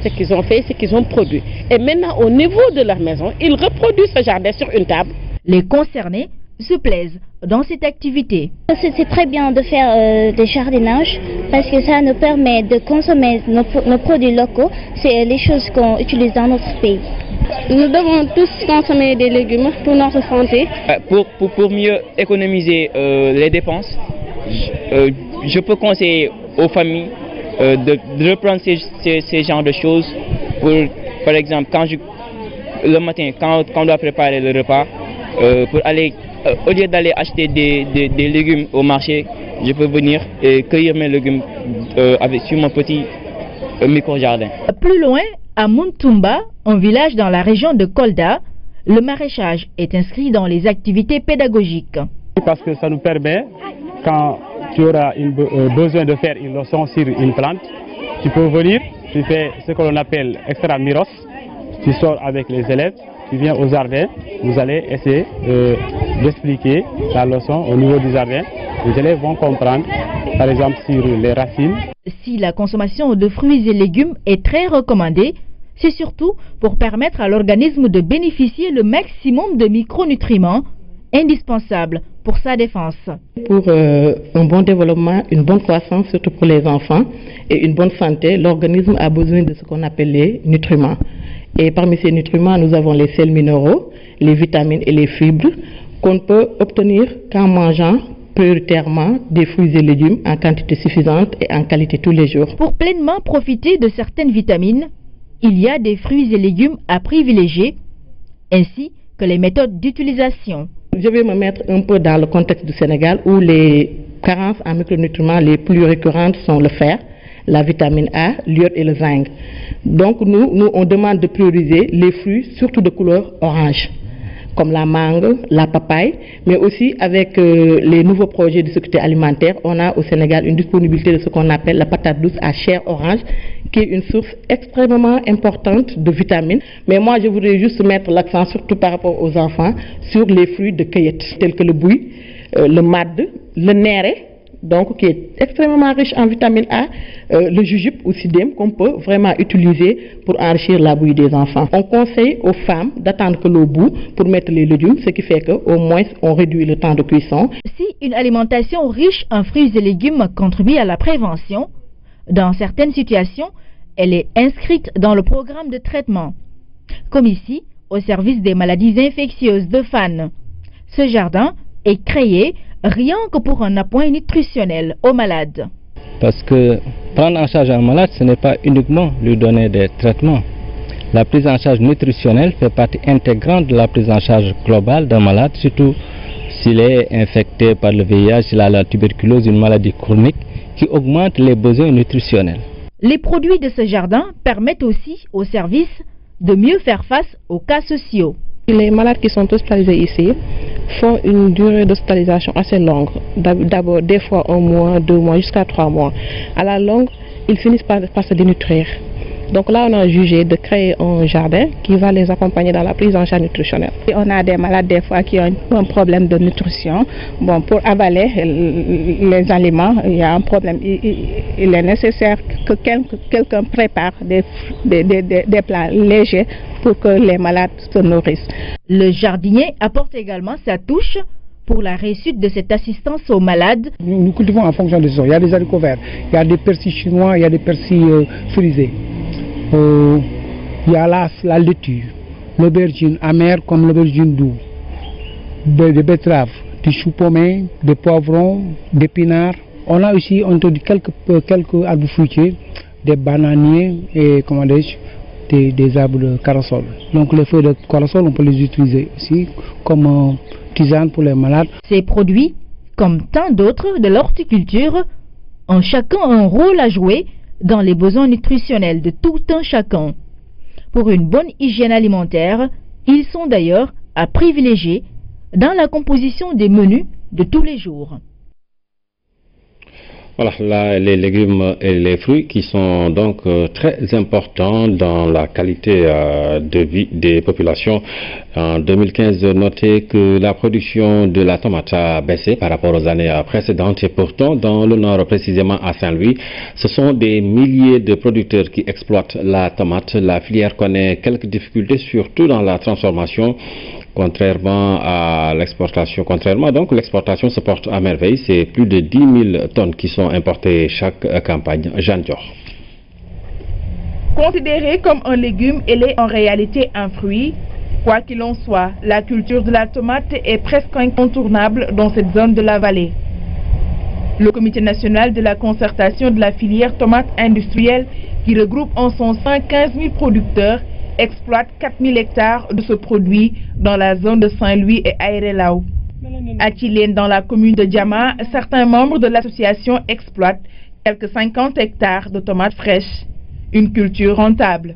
Speaker 16: ce qu'ils ont fait, ce qu'ils ont produit. Et maintenant, au niveau de leur maison, ils reproduisent ce jardin sur une table. Les concernés se plaisent dans cette activité.
Speaker 17: C'est très bien de faire euh, des jardinages parce que ça nous permet de consommer nos,
Speaker 16: produits locaux, c'est les choses qu'on utilise dans notre pays. Nous devons tous consommer des légumes pour notre santé.
Speaker 18: Euh, pour, pour, mieux économiser euh, les dépenses, je peux conseiller aux familles de, de, reprendre ces, ces, genres de choses pour, par exemple, quand je, le matin, quand on doit préparer le repas, euh, pour aller, euh, au lieu d'aller acheter des, des, légumes au marché, je peux venir et cueillir mes légumes euh, avec, sur mon petit
Speaker 6: micro-jardin.
Speaker 15: Plus loin, à Muntumba, un village dans la région de Kolda, le maraîchage est inscrit dans les activités pédagogiques.
Speaker 6: Parce que ça nous permet,
Speaker 1: quand tu auras besoin de faire une leçon sur une plante, tu peux venir, tu fais ce qu'on appelle extra miros, tu sors avec les élèves, qui vient au
Speaker 10: jardin, vous allez essayer euh, d'expliquer la leçon au niveau des jardin. Les élèves comprendre, par exemple, sur les racines.
Speaker 15: Si la consommation de fruits et légumes est très recommandée, c'est surtout pour permettre à l'organisme de bénéficier le maximum de micronutriments indispensables pour sa défense.
Speaker 13: Pour euh, un bon développement, une bonne croissance, surtout pour les enfants, et une bonne santé, l'organisme a besoin de ce qu'on appelle les nutriments. Et parmi ces nutriments, nous avons les sels minéraux, les vitamines et les fibres qu'on peut obtenir qu'en mangeant prioritairement des fruits et légumes en quantité suffisante et en qualité tous les jours.
Speaker 15: Pour pleinement profiter de certaines vitamines, il y a des fruits et légumes à privilégier, ainsi que les méthodes d'utilisation.
Speaker 13: Je vais me mettre un peu dans le contexte du Sénégal où les carences en micronutriments les plus récurrentes sont le fer, la vitamine A, l'iode et le zinc. Donc nous, on demande de prioriser les fruits, surtout de couleur orange comme la mangue, la papaye, mais aussi avec euh, les nouveaux projets de sécurité alimentaire, on a au Sénégal une disponibilité de ce qu'on appelle la patate douce à chair orange, qui est une source extrêmement importante de vitamines. Mais moi, je voudrais juste mettre l'accent, surtout par rapport aux enfants, sur les fruits de cueillette, tels que le buis, euh, le mad, le néré, donc qui est extrêmement riche en vitamine A, euh, le jujube ou sidème qu'on peut vraiment utiliser pour enrichir la bouillie des enfants. On conseille aux femmes d'attendre que l'eau boue pour mettre les légumes, ce qui fait qu'au moins on réduit le temps de cuisson.
Speaker 15: Si une alimentation riche en fruits et légumes contribue à la prévention, dans certaines situations, elle est inscrite dans le programme de traitement, comme ici au service des maladies infectieuses de Fan. Ce jardin est créé rien que pour un appoint nutritionnel aux malades.
Speaker 1: Parce que prendre en charge un malade, ce n'est pas uniquement lui donner des traitements. La prise en charge nutritionnelle fait partie intégrante de la prise en charge globale d'un malade, surtout s'il est infecté par le VIH, s'il a la tuberculose, une maladie chronique qui augmente les besoins nutritionnels.
Speaker 15: Les produits de ce jardin permettent aussi aux services de mieux faire face aux cas sociaux.
Speaker 13: Les malades qui sont hospitalisés ici font une durée d'hospitalisation assez longue, d'abord des fois un mois, deux mois, jusqu'à trois mois. À la longue, ils finissent par, par se dénutrir. Donc là, on a jugé de créer un jardin qui va les accompagner dans la prise en charge nutritionnelle.
Speaker 19: on a des malades des fois qui ont un problème de nutrition. pour avaler les aliments, il y a un problème. Il, est nécessaire que quelqu'un prépare des, plats légers pour que les malades se nourrissent.
Speaker 15: Le jardinier apporte également sa touche pour la réussite de cette assistance aux malades Nous, cultivons en fonction des zones. Il y a des haricots verts, il y a des persils chinois, il y a des persils euh, frisés
Speaker 20: il y a l'as, la laitue, l'aubergine amère comme l'aubergine douce, des betteraves, des choux pommés, des poivrons, des pinards. On a aussi entendu quelques, euh, quelques arbres fruitiers, des bananiers et comment des, arbres de carassol. Donc les feuilles de carassol, on peut les
Speaker 15: utiliser aussi comme euh, tisane pour les malades. Ces produits, comme tant d'autres de l'horticulture, ont chacun un rôle à jouer dans les besoins nutritionnels de tout un chacun. Pour une bonne hygiène alimentaire, ils sont d'ailleurs à privilégier dans la composition des menus de tous les jours.
Speaker 1: Voilà, les légumes et les fruits qui sont donc euh, très importants dans la qualité euh, de vie des populations. En 2015, notez que la production de la tomate a baissé par rapport aux années euh, précédentes et pourtant dans le nord, précisément à Saint-Louis, ce sont des milliers de producteurs qui exploitent la tomate. La filière connaît quelques difficultés, surtout dans la transformation contrairement à l'exportation. Contrairement, donc, l'exportation se porte à merveille. C'est plus de 10 000 tonnes qui sont importées chaque campagne. Jeanne Dior.
Speaker 19: Considéré comme un légume, elle est en réalité un fruit. Quoi qu'il en soit, la culture de la tomate est presque incontournable dans cette zone de la vallée. Le comité national de la concertation de la filière tomate industrielle, qui regroupe en son sein 15 000 producteurs, exploite 4000 hectares de ce produit dans la zone de Saint-Louis et Aérelao. À Tilène, dans la commune de Diama, certains membres de l'association exploitent quelques 50 hectares de tomates fraîches, une culture rentable.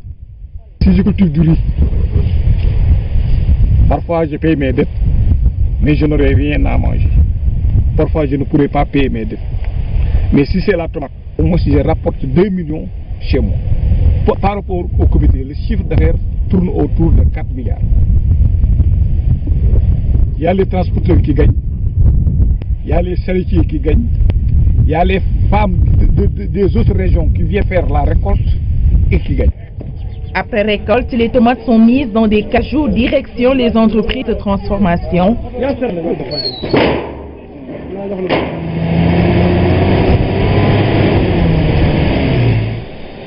Speaker 19: Si je cultive du riz,
Speaker 8: parfois je paye mes dettes, mais je n'aurai rien à manger. Parfois je ne pourrai pas payer mes dettes. Mais si c'est la tomate, moi si je rapporte 2 millions chez moi, par rapport au comité, le chiffre d'affaires tourne autour de 4 milliards. Il y a les transporteurs qui gagnent, il y a les salariés qui gagnent, il y a les femmes des autres régions qui viennent faire la récolte
Speaker 19: et qui gagnent. Après récolte, les tomates sont mises dans des cajoux direction les entreprises de transformation.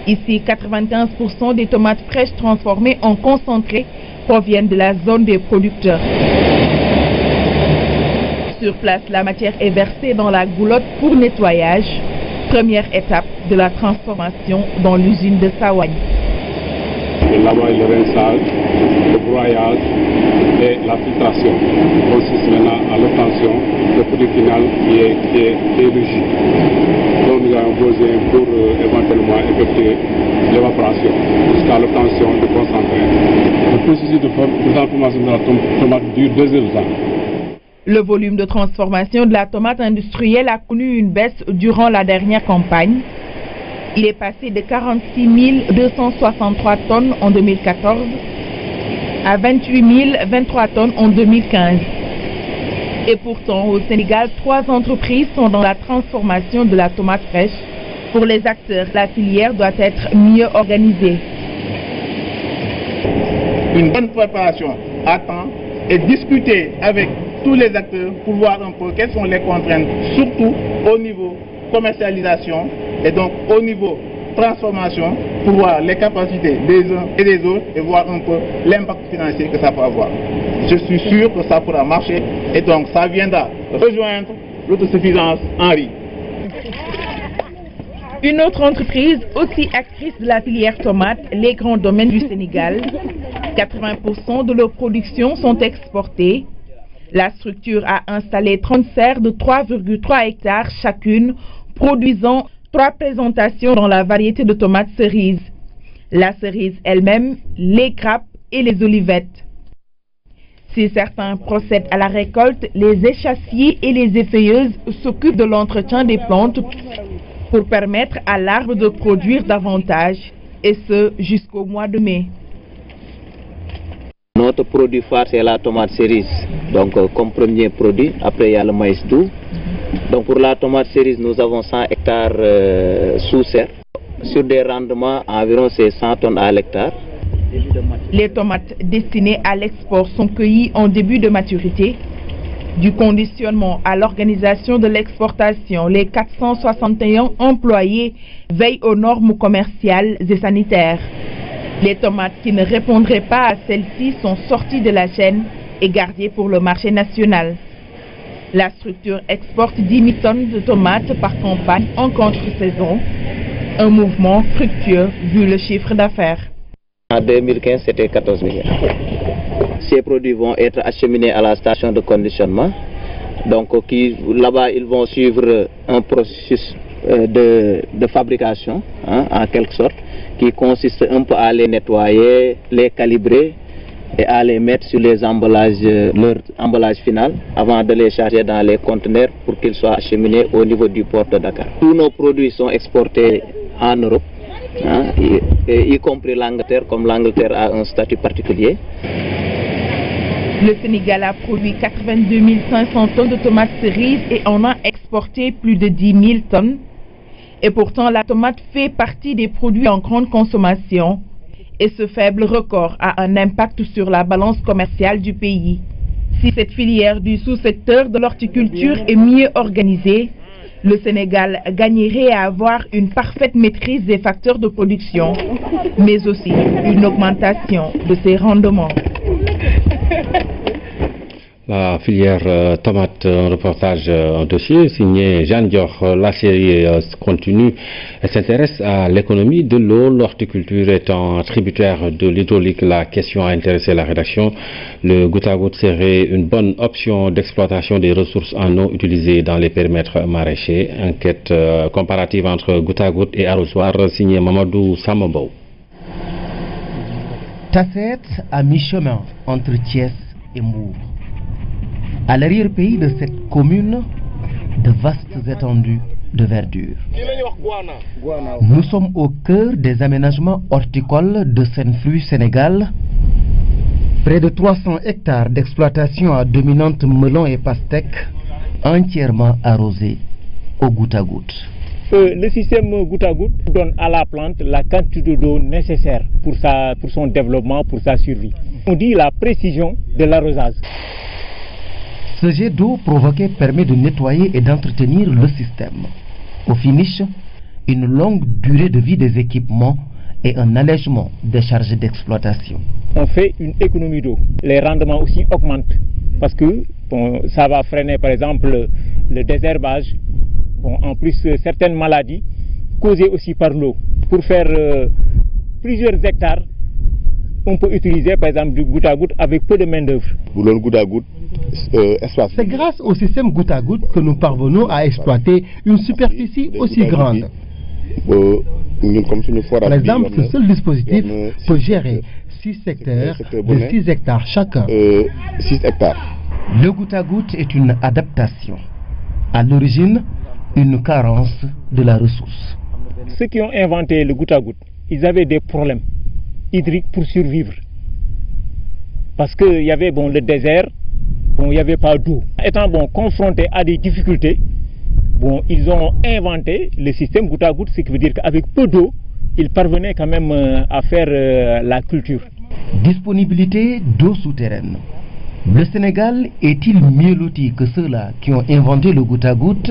Speaker 19: Ici, 95% des tomates fraîches transformées en concentré proviennent de la zone des producteurs. Sur place, la matière est versée dans la goulotte pour nettoyage, première étape de la transformation dans l'usine de Sawani
Speaker 8: la filtration consiste maintenant à l'obtention du produit final qui est, qui Donc nous avons besoin pour euh, éventuellement effectuer l'évaporation jusqu'à l'obtention de concentré. Le processus de, transformation de la tomate dure deux ans.
Speaker 19: le volume de transformation de la tomate industrielle a connu une baisse durant la dernière campagne. Il est passé de 46 263 tonnes en 2014 à 28 023 tonnes en 2015. Et pourtant, au Sénégal, trois entreprises sont dans la transformation de la tomate fraîche. Pour les acteurs, la filière doit être mieux organisée.
Speaker 3: Une bonne préparation à temps et discuter avec tous les acteurs pour voir un peu quelles sont les contraintes, surtout au niveau commercialisation et donc au niveau transformation pour voir les capacités des uns et des autres et voir un peu l'impact financier que ça peut avoir. Je suis sûr que ça pourra marcher et donc ça viendra rejoindre l'autosuffisance en
Speaker 19: Une autre entreprise aussi actrice de la filière tomate, les grands domaines du Sénégal. 80% de leurs productions sont exportées. La structure a installé 30 serres de 3,3 hectares chacune, produisant Trois présentations dans la variété de tomates cerises. La cerise elle-même, les crappes et les olivettes. Si certains procèdent à la récolte, les échassiers et les effeuilleuses s'occupent de l'entretien des plantes pour permettre à l'arbre de produire davantage, et ce jusqu'au mois de mai.
Speaker 18: Notre produit phare, c'est la tomate cerise. Donc, euh, comme premier produit, après il y a le maïs doux, pour la tomate cerise, nous avons 100 hectares euh, sous serre. Sur des rendements, environ 100 tonnes à l'hectare.
Speaker 19: Les tomates destinées à l'export sont cueillies en début de maturité. Du conditionnement à l'organisation de l'exportation, les 461 employés veillent aux normes commerciales et sanitaires. Les tomates qui ne répondraient pas à celles-ci sont sorties de la chaîne et gardées pour le marché national. La structure exporte 10 000 tonnes de tomates par campagne en contre-saison. Un mouvement fructueux vu le chiffre d'affaires.
Speaker 18: En 2015, c'était 14 milliards. Ces produits vont être acheminés à la station de conditionnement. Donc là-bas, ils vont suivre un processus euh, de, fabrication, hein, en quelque sorte, qui consiste un peu à les nettoyer, les calibrer et à les mettre sur les emballages, euh, leur emballage final avant de les charger dans les conteneurs pour qu'ils soient acheminés au niveau du port de Dakar. Tous nos produits sont exportés en Europe, hein, y, compris l'Angleterre, comme l'Angleterre a un statut particulier.
Speaker 19: Le Sénégal a produit 82 500 tonnes de tomates cerises et on a exporté plus de 10 000 tonnes. Et pourtant, la tomate fait partie des produits en grande consommation et ce faible record a un impact sur la balance commerciale du pays. Si cette filière du sous-secteur de l'horticulture est mieux organisée, le Sénégal gagnerait à avoir une parfaite maîtrise des facteurs de production, mais aussi une augmentation de ses rendements.
Speaker 1: La filière euh, tomate, un euh, reportage, euh, en dossier signé Jeanne Dior. La série continue Elle s'intéresse à l'économie de l'eau. L'horticulture étant tributaire de l'hydraulique, la question a intéressé la rédaction. Le goutte à goutte serait une bonne option d'exploitation des ressources en eau utilisées dans les périmètres maraîchers. Enquête comparative entre goutte à goutte et arrosoir signé Mamadou Samobo.
Speaker 20: Tassette à mi-chemin entre Thiès et Mou. À l'arrière-pays de cette commune, de vastes étendues de verdure. Nous sommes au cœur des aménagements horticoles de Senflu, Sénégal. Près de 300 hectares d'exploitation à dominante melon et pastèque, entièrement arrosés au goutte à goutte.
Speaker 21: Euh, le système goutte à goutte donne à la plante la quantité d'eau nécessaire pour son développement, pour sa survie. On dit la précision de l'arrosage.
Speaker 20: Ce jet d'eau provoqué permet de nettoyer et d'entretenir le système. Au finish, une longue durée de vie des équipements et un allègement des charges d'exploitation.
Speaker 21: On fait une économie d'eau. Les rendements aussi augmentent parce que ça va freiner par exemple le désherbage, en plus certaines maladies causées aussi par l'eau. Pour faire euh, plusieurs hectares, on peut utiliser par exemple du goutte à goutte avec peu de main-d'œuvre.
Speaker 11: à euh, euh, C'est grâce au système goutte à goutte que nous parvenons à exploiter une superficie aussi grande. Par exemple, ce seul dispositif peut gérer 6 secteurs de 6 hectares chacun. Euh,
Speaker 20: le goutte à goutte est une adaptation. À l'origine, une carence de la ressource.
Speaker 21: Ceux qui ont inventé le goutte à goutte, ils avaient des problèmes pour survivre. Parce qu'il y avait bon, le désert, bon, il n'y avait pas d'eau. Étant bon, confrontés à des difficultés, bon, ils ont inventé le système goutte à goutte, ce qui veut dire qu'avec peu d'eau, ils parvenaient quand même
Speaker 20: euh, à faire euh, la culture. Disponibilité d'eau souterraine. Le Sénégal est-il mieux loti que ceux-là qui ont inventé le goutte à goutte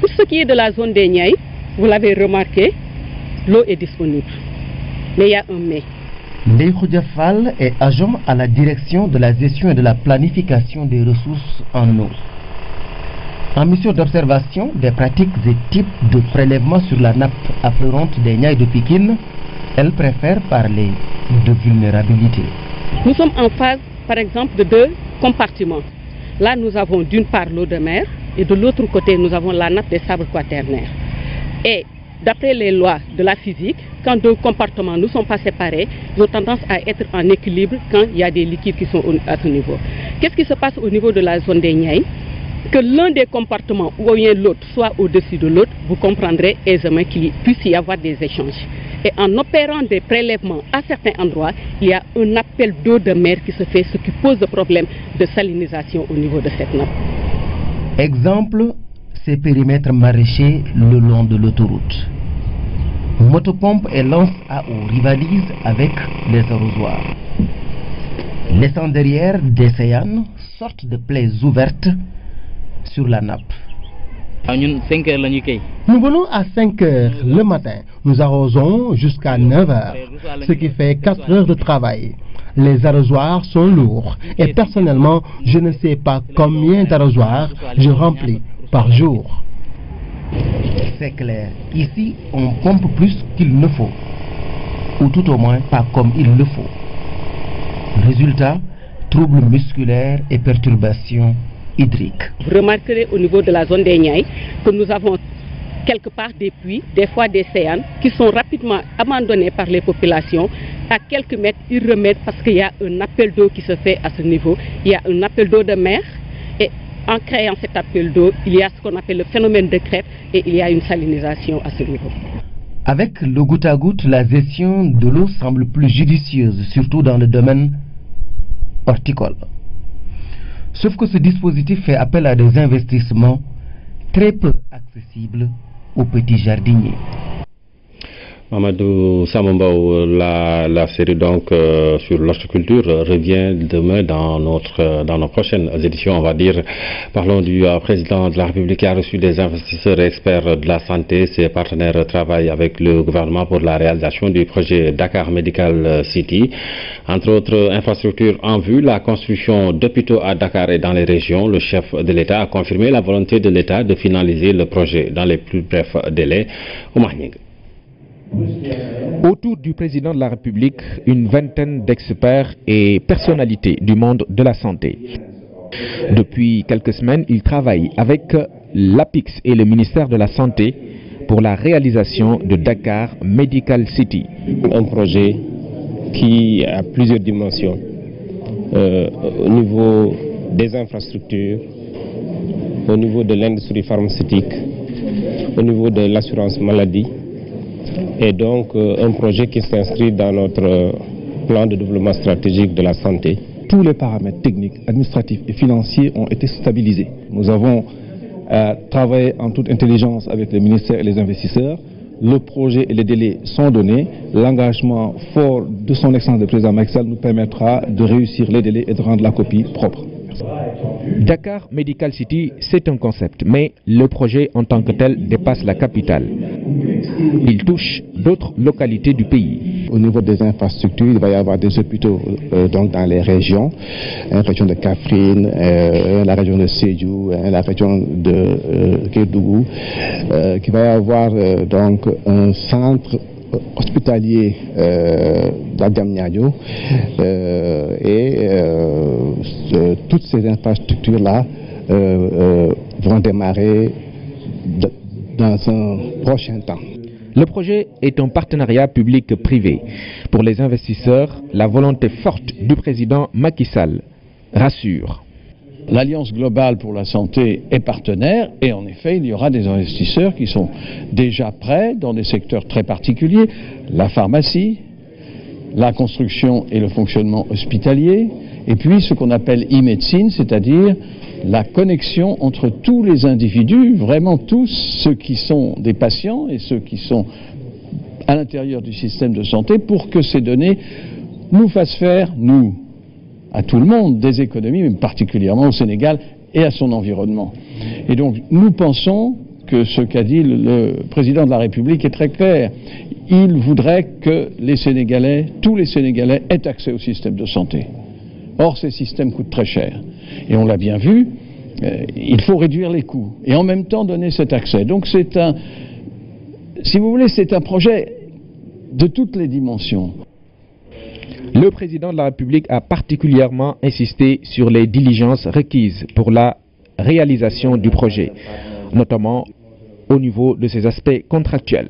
Speaker 16: Pour ce qui est de la zone des niaïs vous l'avez remarqué, l'eau est disponible. Mais il y a un mais.
Speaker 20: est agent à la direction de la gestion et de la planification des ressources en eau. En mission d'observation des pratiques et types de prélèvements sur la nappe affleurante des niailles de Pékin, elle préfère parler de vulnérabilité.
Speaker 16: Nous sommes en phase, par exemple, de deux compartiments. Là, nous avons d'une part l'eau de mer et de l'autre côté, nous avons la nappe des sables quaternaires. Et d'après les lois de la physique, quand deux compartiments ne sont pas séparés, ils ont tendance à être en équilibre quand il y a des liquides qui sont à ce niveau. Qu'est-ce qui se passe au niveau de la zone des Niaï que l'un des compartiments ou bien l'autre soit au-dessus de l'autre, vous comprendrez aisément qu'il puisse y avoir des échanges. Et en opérant des prélèvements à certains endroits, il y a un appel d'eau de mer qui se fait, ce qui pose le problème de salinisation au niveau de cette nappe.
Speaker 20: Exemple périmètres maraîchers le long de l'autoroute. Motopompe et lance à eau rivalisent avec les arrosoirs. Laissant derrière des séanes, sortent de plaies ouvertes sur la nappe.
Speaker 13: Ah, Nous venons
Speaker 20: à 5 heures le matin. Nous arrosons jusqu'à 9 heures, ce qui fait 4 heures de travail. Les arrosoirs sont lourds et personnellement, je ne sais pas combien d'arrosoirs je remplis par jour. C'est clair. Ici, on pompe plus qu'il ne faut. Ou tout au moins pas comme il le faut. Résultat, troubles musculaires et perturbations hydriques.
Speaker 16: Vous remarquerez au niveau de la zone des Niaï que nous avons quelque part des puits, des fois des séances, qui sont rapidement abandonnés par les populations. À quelques mètres, ils remettent parce qu'il y a un appel d'eau qui se fait à ce niveau. Il y a un appel d'eau de mer en créant cet appel d'eau, il y a ce qu'on appelle le phénomène de crêpe et il y a une salinisation à ce niveau.
Speaker 20: Avec le goutte à goutte, la gestion de l'eau semble plus judicieuse, surtout dans le domaine horticole. Sauf que ce dispositif fait appel à des investissements très peu accessibles aux petits jardiniers.
Speaker 1: Amadou Samombaou, la, la, série donc euh, sur l'horticulture euh, revient demain dans notre euh, dans nos prochaines éditions, on va dire. Parlons du président de la République qui a reçu des investisseurs experts de la santé. Ses partenaires travaillent avec le gouvernement pour la réalisation du projet Dakar Medical City. Entre autres infrastructures en vue, la construction d'hôpitaux à Dakar et dans les régions. Le chef de l'État a confirmé la volonté de l'État de finaliser le projet dans les plus brefs délais.
Speaker 2: Au Mahning. Autour du président de la République, une vingtaine d'experts et personnalités du monde de la santé. Depuis quelques semaines, il travaille avec l'APIX et le ministère de la Santé pour la réalisation de Dakar Medical City. Un projet qui a plusieurs dimensions euh, au niveau
Speaker 21: des infrastructures, au niveau de l'industrie pharmaceutique, au niveau de l'assurance maladie, et donc euh, un projet qui s'inscrit dans notre euh, plan de développement stratégique de la santé.
Speaker 2: Tous les paramètres techniques, administratifs et financiers ont été stabilisés. Nous avons euh, travaillé en toute intelligence avec les ministères et les investisseurs. Le projet et les délais sont donnés. L'engagement fort de son excellence de président Maxal nous permettra de réussir les délais et de rendre la copie propre. Dakar Medical City, c'est un concept, mais le projet en tant que tel dépasse la capitale. Il touche d'autres localités du pays. Au niveau des infrastructures, il va y avoir des hôpitaux euh, donc dans les régions, euh, la région de Kafrine, la région de Sédiou, euh, la région de euh, qui va y avoir donc un centre hospitalier euh, euh et euh, euh, toutes ces infrastructures-là vont démarrer dans un prochain temps. Le projet est un partenariat public-privé. Pour les investisseurs, la volonté forte du président Macky Sall rassure. L'Alliance
Speaker 10: globale pour la santé est partenaire et en effet, il y aura des investisseurs qui sont déjà prêts dans des secteurs très particuliers, la pharmacie, la construction et le fonctionnement hospitalier, et puis ce qu'on appelle e-médecine, c'est-à-dire la connexion entre tous les individus, vraiment tous ceux qui sont des patients et ceux qui sont à l'intérieur du système de santé, pour que ces données nous fassent faire, nous, à tout le monde des économies, mais particulièrement au Sénégal et à son environnement. Et donc nous pensons que ce qu'a dit le président de la République est très clair. Il voudrait que les Sénégalais, tous les Sénégalais, aient accès au système de santé. Or, ces systèmes coûtent très cher. Et on l'a bien vu, euh, il faut réduire les coûts et en même temps donner cet accès. Donc c'est un, si vous voulez, c'est un projet de toutes les dimensions.
Speaker 2: Le président de la République a particulièrement insisté sur les diligences requises pour la réalisation du projet, notamment au niveau de ses aspects contractuels.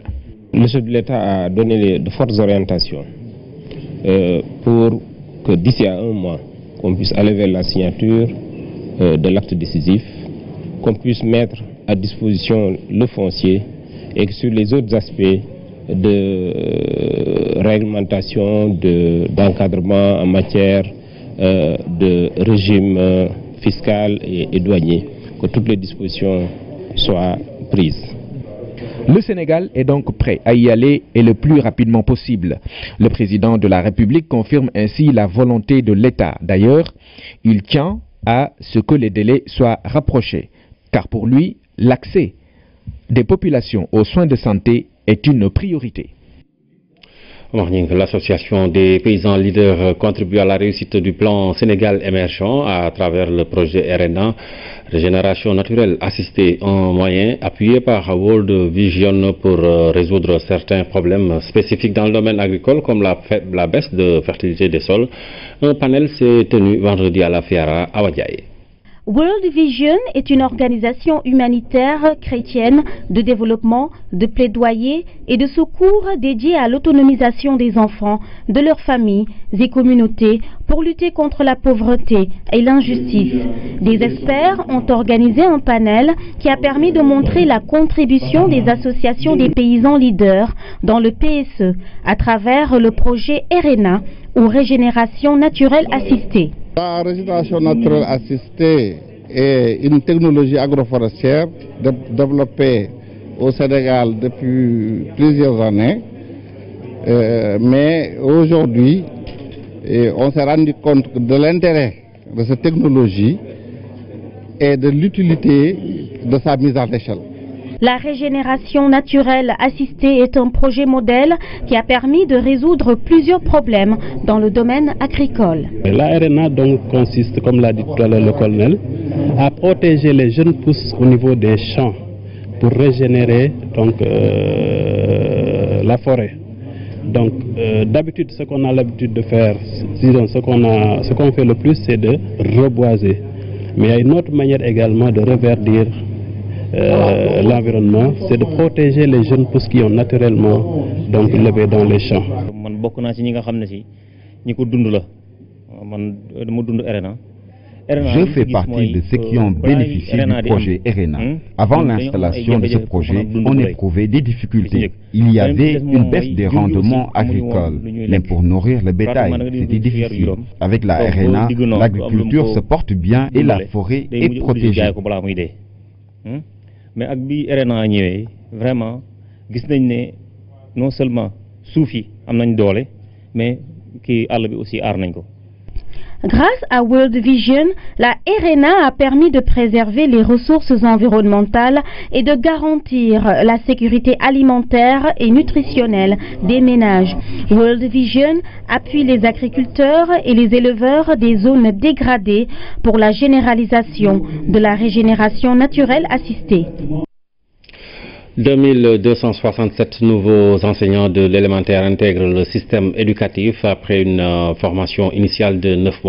Speaker 2: Le chef de l'État a donné de fortes orientations euh,
Speaker 21: pour que d'ici à un mois, on puisse aller vers la signature euh, de l'acte décisif, qu'on puisse mettre à disposition le foncier et que sur les autres aspects, de euh, réglementation, d'encadrement en matière euh, de régime euh, fiscal
Speaker 2: et, et douanier, que toutes les dispositions soient prises. Le Sénégal est donc prêt à y aller et le plus rapidement possible. Le président de la République confirme ainsi la volonté de l'État. D'ailleurs, il tient à ce que les délais soient rapprochés, car pour lui, l'accès des populations aux soins de santé est une priorité.
Speaker 1: l'association des paysans leaders contribue à la réussite du plan Sénégal émergent à travers le projet RNA, Régénération naturelle assistée en moyen, appuyé par World Vision pour euh, résoudre certains problèmes spécifiques dans le domaine agricole comme la, baisse de fertilité des sols. Un panel s'est tenu vendredi à la Fiara à Wadiaï.
Speaker 17: World Vision est une organisation humanitaire chrétienne de développement, de plaidoyer et de secours dédiée à l'autonomisation des enfants, de leurs familles et communautés pour lutter contre la pauvreté et l'injustice. Des experts ont organisé un panel qui a permis de montrer la contribution des associations des paysans leaders dans le PSE à travers le projet RENA ou Régénération naturelle assistée.
Speaker 14: La régénération naturelle assistée
Speaker 11: est une technologie agroforestière développée au Sénégal depuis plusieurs années. Euh, mais aujourd'hui, on s'est rendu compte de l'intérêt de cette technologie et de l'utilité de sa mise à l'échelle.
Speaker 17: La régénération naturelle assistée est un projet modèle qui a permis de résoudre plusieurs problèmes dans le domaine agricole.
Speaker 10: La RNA donc consiste, comme l'a dit tout à l'heure le colonel, à protéger les jeunes pousses au niveau des champs pour régénérer euh, la forêt. Donc euh, d'habitude, ce qu'on a l'habitude de faire, disons, ce qu'on fait le plus, c'est de reboiser. Mais il y a une autre manière également de reverdir euh, l'environnement, c'est de protéger les jeunes pousses qui ont naturellement donc levé dans les champs.
Speaker 21: Je fais partie de ceux euh, qui ont bénéficié du projet ERENA. Hmm? Avant hmm? l'installation de ce projet, on éprouvait
Speaker 1: des
Speaker 9: difficultés. Il y avait une baisse des rendements agricoles, mais pour nourrir le bétail, c'était difficile. Avec la RNA, l'agriculture se porte bien et la forêt est
Speaker 4: protégée.
Speaker 21: mais ak bi RNA ñëwee vraiment gis nañ ne non seulement suuf yi am nañ doole mais kii àll bi aussi aar nañ ko
Speaker 17: Grâce à World Vision, la RNA a permis de préserver les ressources environnementales et de garantir la sécurité alimentaire et nutritionnelle des ménages. World Vision appuie les agriculteurs et les éleveurs des zones dégradées pour la généralisation de la régénération naturelle assistée.
Speaker 1: 2267 nouveaux enseignants de l'élémentaire intègrent le système éducatif après une euh, formation initiale de 9